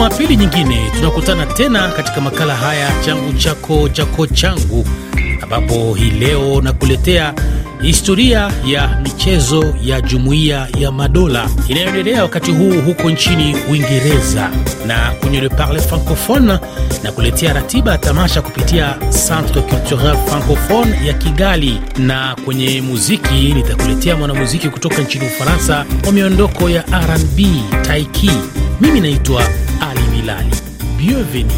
Jumapili nyingine tunakutana tena katika makala haya changu chako chako changu, ambapo hii leo nakuletea historia ya michezo ya Jumuiya ya Madola inayoendelea wakati huu huko nchini Uingereza na kwenye Le Parle Francophone, na kuletea ratiba ya tamasha kupitia Centre Culturel Francophone ya Kigali, na kwenye muziki nitakuletea mwanamuziki kutoka nchini Ufaransa wa miondoko ya R&B Taiki. Mimi naitwa Milani. Bienvenue.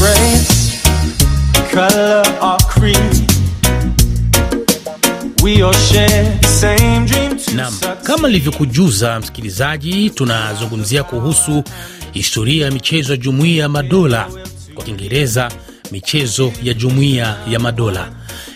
race, kama nilivyokujuza msikilizaji, tunazungumzia kuhusu Historia ya michezo ya Jumuiya ya Madola, kwa Kiingereza michezo ya Jumuiya ya Madola,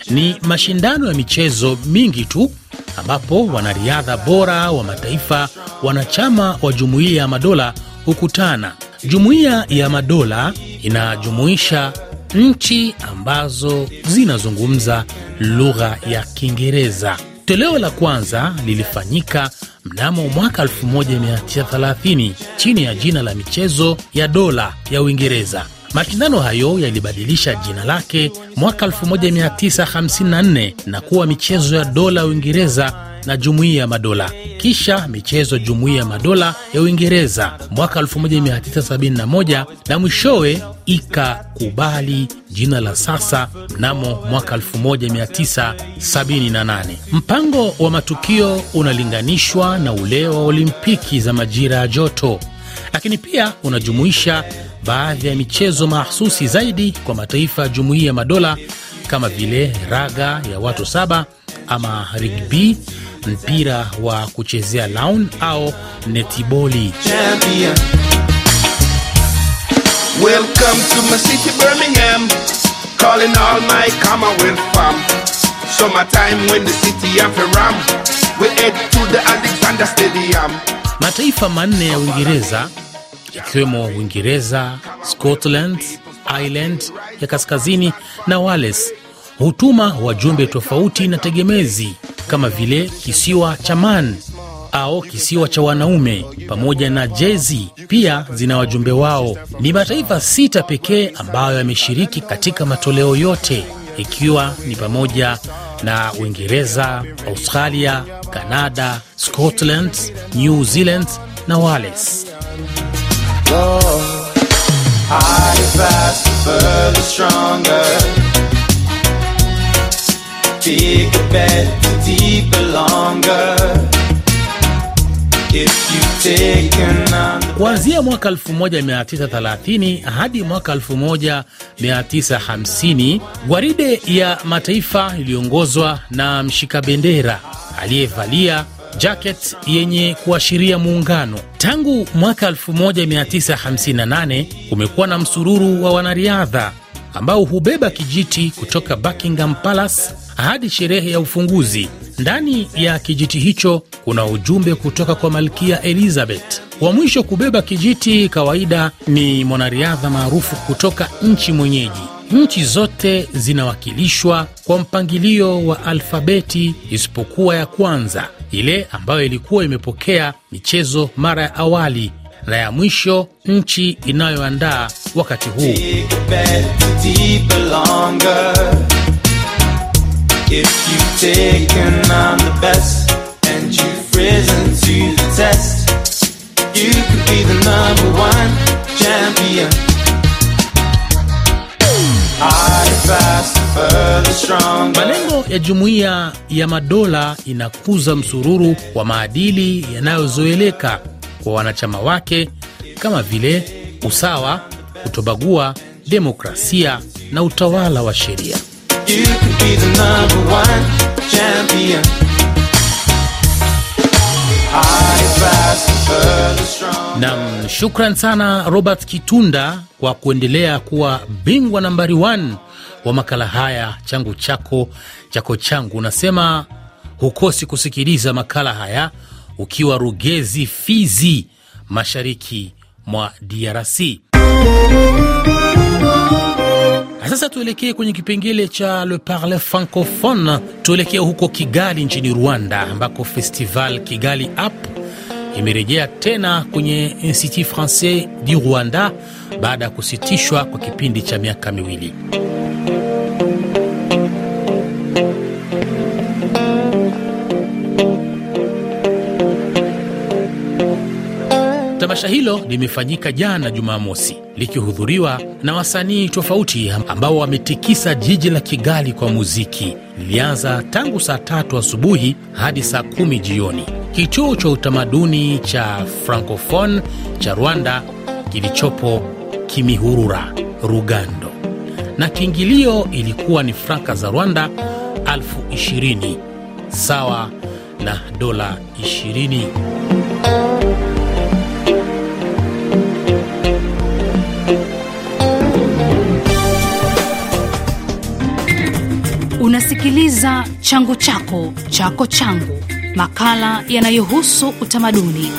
ni mashindano ya michezo mingi tu ambapo wanariadha bora wa mataifa wanachama wa Jumuiya ya Madola hukutana. Jumuiya ya Madola inajumuisha nchi ambazo zinazungumza lugha ya Kiingereza. Toleo la kwanza lilifanyika mnamo mwaka 1930 chini ya jina la michezo ya dola ya Uingereza. Mashindano hayo yalibadilisha jina lake mwaka 1954 na kuwa michezo ya dola ya Uingereza na jumuiya ya madola, kisha michezo jumuiya ya madola ya Uingereza mwaka 1971 na mwishowe ikakubali jina la sasa mnamo mwaka 1978. Mpango wa matukio unalinganishwa na ule wa Olimpiki za majira ya joto, lakini pia unajumuisha baadhi ya michezo mahsusi zaidi kwa mataifa ya jumuia ya Madola kama vile raga ya watu saba ama rigb mpira wa kuchezea laun au netiboli. Mataifa manne ya Uingereza ikiwemo Uingereza, Scotland, Ireland ya Kaskazini na Wales hutuma wajumbe tofauti na tegemezi kama vile kisiwa cha Man au kisiwa cha wanaume pamoja na Jezi pia zina wajumbe wao. Ni mataifa sita pekee ambayo yameshiriki katika matoleo yote, ikiwa ni pamoja na Uingereza, Australia, Kanada, Scotland, New Zealand na Wales stronger. Bigger, better, deeper, longer. Kuanzia mwaka 1930 hadi mwaka 1950 gwaride ya mataifa iliongozwa na mshika bendera aliyevalia jacket yenye kuashiria muungano. Tangu mwaka 1958 kumekuwa na msururu wa wanariadha ambao hubeba kijiti kutoka Buckingham Palace hadi sherehe ya ufunguzi. Ndani ya kijiti hicho kuna ujumbe kutoka kwa Malkia Elizabeth. Wa mwisho kubeba kijiti kawaida ni mwanariadha maarufu kutoka nchi mwenyeji. Nchi zote zinawakilishwa kwa mpangilio wa alfabeti isipokuwa ya kwanza ile ambayo ilikuwa imepokea michezo mara ya awali na ya mwisho nchi inayoandaa wakati huu. fast. Malengo ya Jumuiya ya Madola inakuza msururu wa maadili yanayozoeleka kwa wanachama wake kama vile usawa, kutobagua, demokrasia na utawala wa sheria. Nam, shukran sana Robert Kitunda kwa kuendelea kuwa bingwa nambari 1 wa makala haya changu chako chako changu, unasema hukosi kusikiliza makala haya ukiwa Rugezi, Fizi, mashariki mwa DRC. Sasa tuelekee kwenye kipengele cha Le Parle Francophone. Tuelekee huko Kigali nchini Rwanda, ambako Festival Kigali ap imerejea tena kwenye Institut Francais du Rwanda baada ya kusitishwa kwa kipindi cha miaka miwili. Tamasha hilo limefanyika jana Jumamosi likihudhuriwa na wasanii tofauti ambao wametikisa jiji la Kigali kwa muziki. Lilianza tangu saa tatu asubuhi hadi saa kumi jioni. Kituo cha utamaduni cha Francophone cha Rwanda kilichopo Kimihurura, Rugando, na kiingilio ilikuwa ni franka za Rwanda elfu ishirini sawa na dola ishirini. Unasikiliza Changu Chako Chako Changu, makala yanayohusu utamaduni.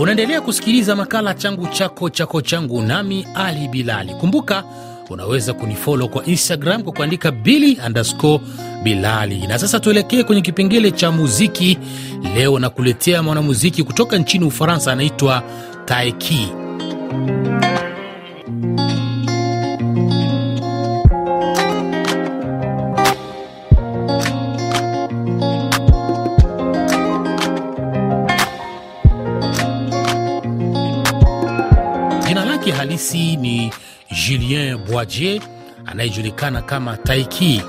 Unaendelea kusikiliza makala Changu Chako Chako Changu, nami Ali Bilali. Kumbuka unaweza kunifolo kwa Instagram kwa kuandika bili andasco Bilali. Na sasa tuelekee kwenye kipengele cha muziki. Leo nakuletea mwanamuziki kutoka nchini Ufaransa, anaitwa Taiki. halisi ni Julien Boajier anayejulikana kama Taiki.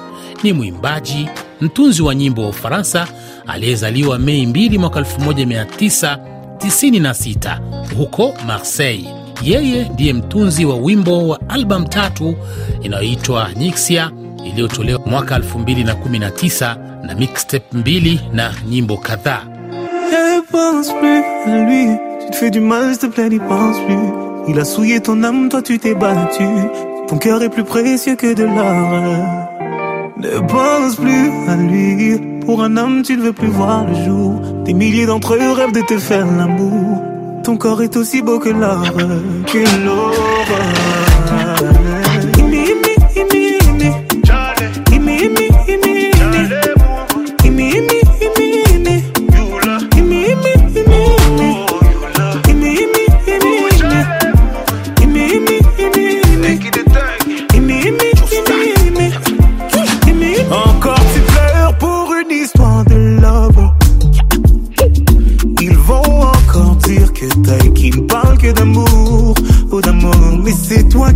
Ni mwimbaji, mtunzi wa nyimbo wa Ufaransa aliyezaliwa Mei 2 mwaka 1996 huko Marseille. Yeye ndiye mtunzi wa wimbo wa albamu tatu inayoitwa Nixia iliyotolewa mwaka 2019 na, na mixtape mbili na nyimbo kadhaa. Il a souillé ton âme, toi tu t'es battu. Ton cœur est plus précieux que de l'or. Ne pense plus à lui. Pour un homme, tu ne veux plus voir le jour. Des milliers d'entre eux rêvent de te faire l'amour. Ton corps est aussi beau que l'or, que l'or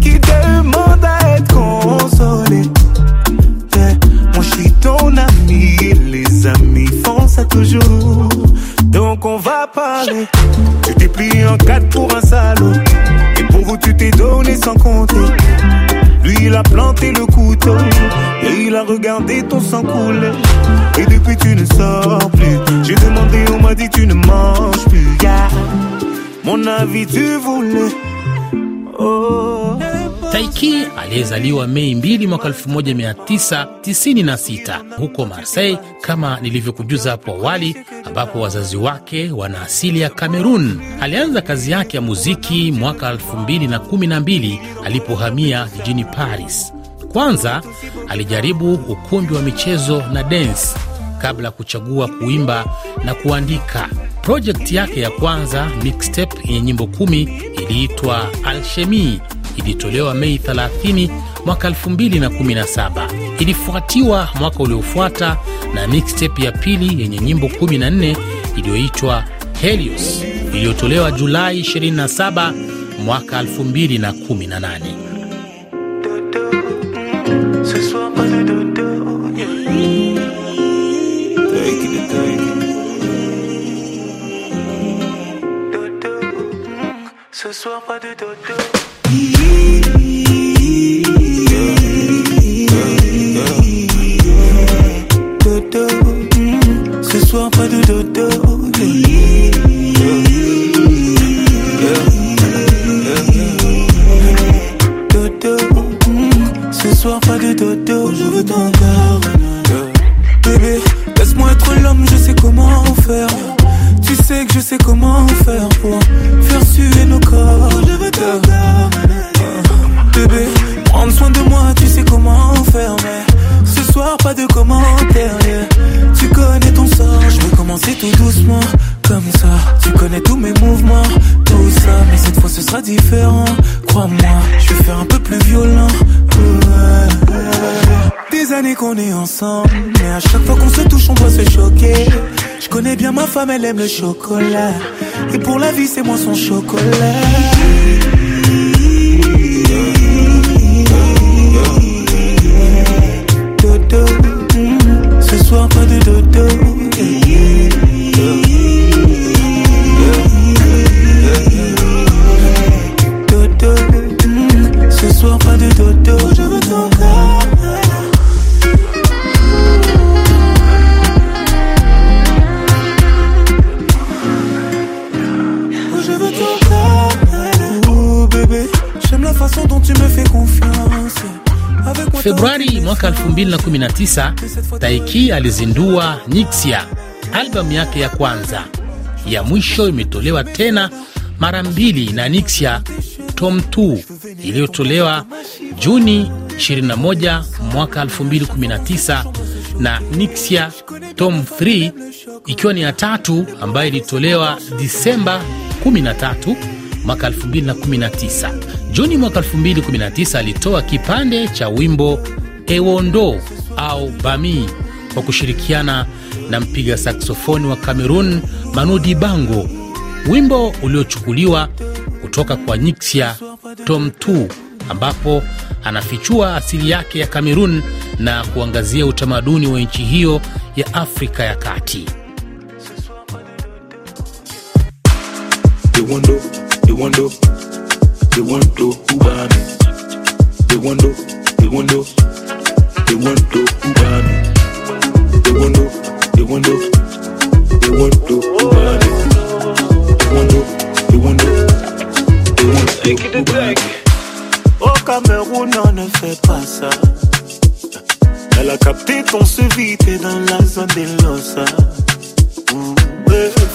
qui demande à être consolé. Eh, moi je suis ton ami, les amis font ça toujours. Donc on va parler. Tu t'es pris en quatre pour un salaud. Et pour vous tu t'es donné sans compter. Lui il a planté le couteau et il a regardé ton sang couler. Et depuis tu ne sors plus. J'ai demandé, on m'a dit tu ne manges plus. Mon avis tu voulais. Oh. Maki aliyezaliwa Mei 2 mwaka 1996 huko Marseille, kama nilivyokujuza hapo awali, ambapo wazazi wake wana asili ya Kamerun. Alianza kazi yake ya muziki mwaka 2012 alipohamia jijini Paris. Kwanza alijaribu ukumbi wa michezo na dance kabla ya kuchagua kuimba na kuandika. Projekti yake ya kwanza mixtape yenye nyimbo kumi iliitwa Alchemie ilitolewa Mei 30 mwaka 2017. Ilifuatiwa mwaka uliofuata na mixtape ya pili yenye nyimbo 14 iliyoitwa Helios iliyotolewa Julai 27 mwaka 2018. Ce soir pas de dodo soir de dodo. Mm, ce soir pas de dodo. Je veux ton corps. Bébé, laisse-moi être l'homme, je sais comment faire. Tu sais que je sais comment faire pour faire suer nos corps. Je veux ton Bébé, prends soin de moi, tu sais comment faire, mais ce soir pas de commentaires. C'est tout doucement, comme ça. Tu connais tous mes mouvements, tout ça. Mais cette fois ce sera différent, crois-moi. Je vais faire un peu plus violent. Des années qu'on est ensemble, mais à chaque fois qu'on se touche, on doit se choquer. Je connais bien ma femme, elle aime le chocolat. Et pour la vie, c'est moi son chocolat. ce soir pas de dodo. Februari mwaka 2019 Taiki alizindua Nixia, albamu yake ya kwanza. Ya mwisho imetolewa tena mara mbili na Nixia Tom 2 iliyotolewa Juni 21 mwaka 2019 na Nixia Tom 3 ikiwa ni ya tatu ambayo ilitolewa Disemba 13 mwaka 2019. Juni mwaka 2019 alitoa kipande cha wimbo Ewondo au Bami kwa kushirikiana na mpiga saksofoni wa cameron Manu Dibango, wimbo uliochukuliwa kutoka kwa Nyiksia Tom 2 ambapo anafichua asili yake ya Kamerun na kuangazia utamaduni wa nchi hiyo ya Afrika ya Kati. Ewondo, Ewondo. they want to Uber me. They want to, they want to, they want to Uber me. They want to, they want to, they want to Uber me. They want to, they want to, they want to Uber me. Au Cameroun, ne fait pas ça. Elle a capté ton suivi, t'es dans la zone des Losa. Mmh.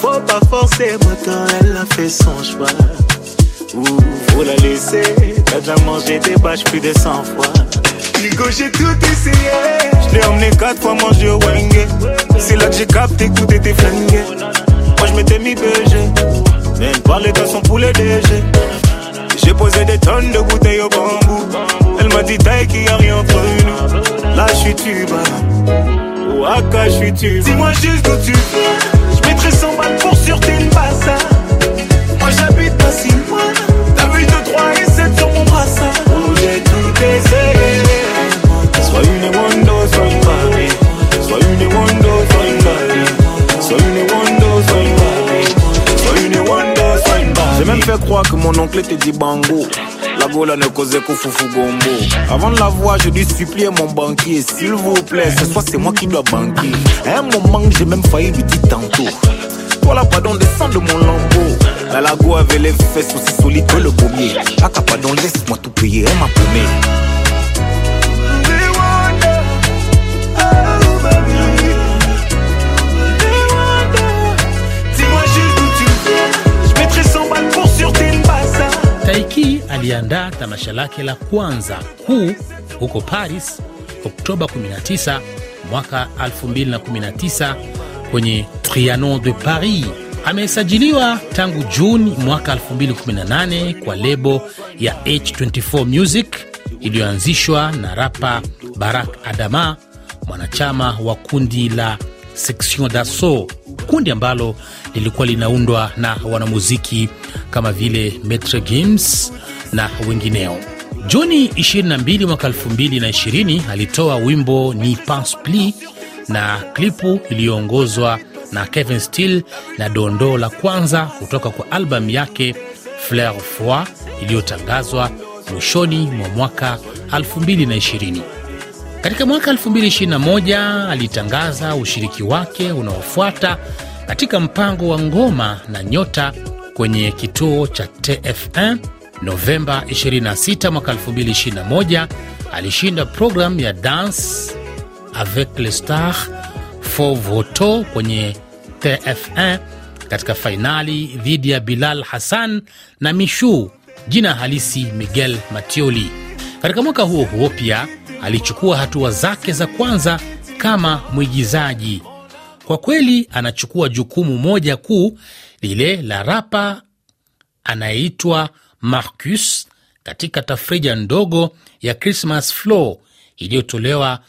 Faut pas forcer, maintenant elle a fait son choix. Faut la laisser, t'as déjà mangé des bâches plus de 100 fois. Ligo j'ai tout essayé. Je l'ai emmené 4 fois manger au Wenge. C'est là que j'ai capté tout était flingué. Moi, je m'étais mis BG. même parler de son poulet DG. J'ai posé des tonnes de bouteilles au bambou. Elle m'a dit taille qu'il n'y a rien entre nous. Là, je suis tuba. ou je suis tuba. Dis-moi juste où tu Bango, La gola ne causait qu'au foufou gombo. Avant de la voir, je dis supplier mon banquier. S'il vous plaît, ce soir c'est moi qui dois banquer. un moment, j'ai même failli lui dire tantôt. voilà la pardon, descend de mon lambeau. La lago avait les fesses aussi solides que le pommier. Aka pardon, laisse-moi tout payer, m'a aliandaa tamasha lake la kwanza kuu huko Paris Oktoba 19 mwaka 2019 kwenye Trianon de Paris. Amesajiliwa tangu Juni mwaka 2018 kwa lebo ya H24 Music iliyoanzishwa na rapa Barak Adama, mwanachama wa kundi la Section dasso kundi ambalo lilikuwa linaundwa na wanamuziki kama vile Maitre Gims, na wengineo. Juni 22 mwaka 2020 alitoa wimbo Ni Pense pli na klipu iliyoongozwa na Kevin Stil na dondoo la kwanza kutoka kwa albamu yake Fleur Foi iliyotangazwa mwishoni mwa mwaka 2020. Katika mwaka 2021 alitangaza ushiriki wake unaofuata katika mpango wa ngoma na nyota kwenye kituo cha tf Novemba 26 mwaka 2021 alishinda programu ya Danse avec les Stars for voto kwenye TF1 katika fainali dhidi ya Bilal Hassan na Mishu, jina halisi Miguel Matioli. Katika mwaka huo huo pia alichukua hatua zake za kwanza kama mwigizaji. Kwa kweli, anachukua jukumu moja kuu, lile la rapa anayeitwa Marcus katika tafrija ndogo ya Christmas Flow iliyotolewa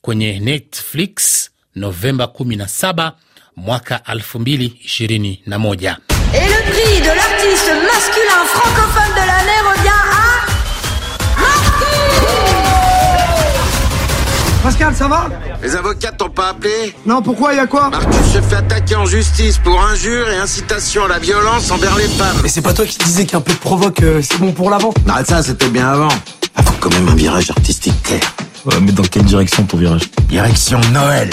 kwenye Netflix Novemba 17 mwaka 2021. Et le prix de l'artiste masculin francophone de l'année revient Pascal, ça va Les avocats t'ont pas appelé Non, pourquoi y a quoi Marcus se fait attaquer en justice pour injure et incitation à la violence envers les femmes. Mais c'est pas toi qui disais qu'un peu de provoque, euh, c'est bon pour l'avant Arrête ça, c'était bien avant. faut quand même un virage artistique clair. Ouais, mais dans quelle direction ton virage Direction Noël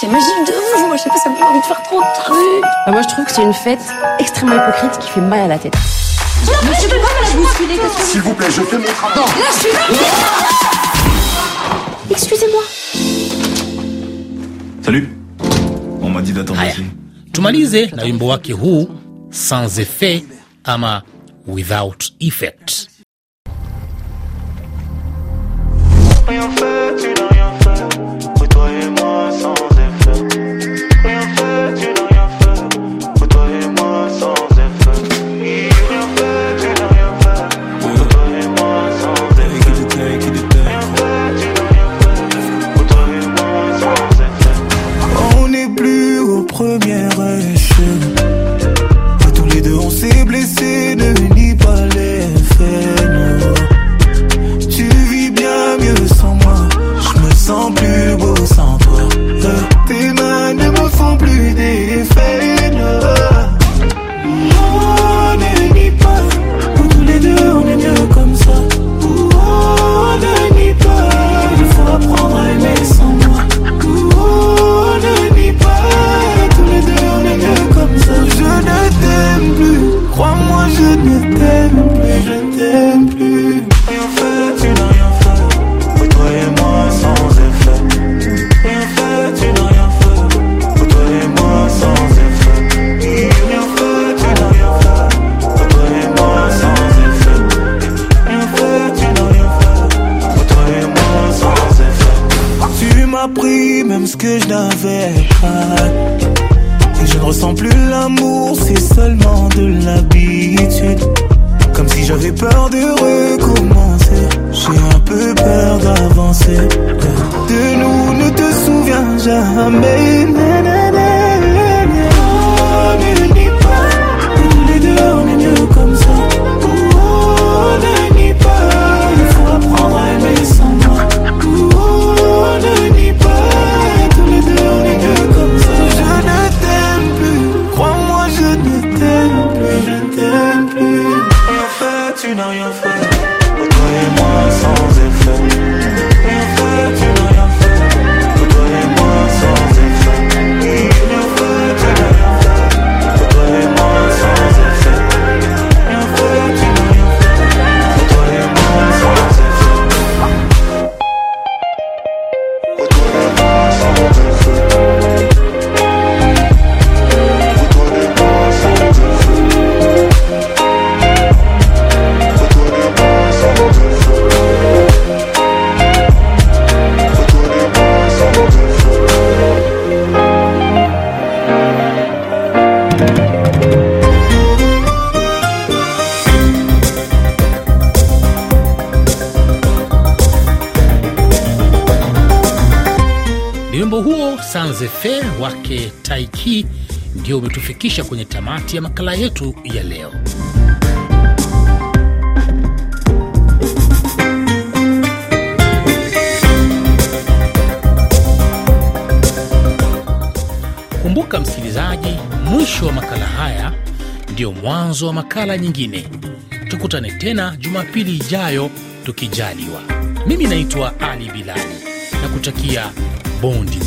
c'est magique de vous. moi je sais pas, ça me fait envie de faire trop de trucs. Ah, moi je trouve que c'est une fête extrêmement hypocrite qui fait mal à la tête. Non mais tu peux pas me la bousculer S'il vous plaît, je fais mon travail. Non, Tumalize na wimbo wake huu sans effet ama without effect. made sanzefe wake Taiki ndio umetufikisha kwenye tamati ya makala yetu ya leo. Kumbuka msikilizaji, mwisho wa makala haya ndio mwanzo wa makala nyingine. Tukutane tena Jumapili ijayo tukijaliwa. Mimi naitwa Ali Bilali na kutakia bondi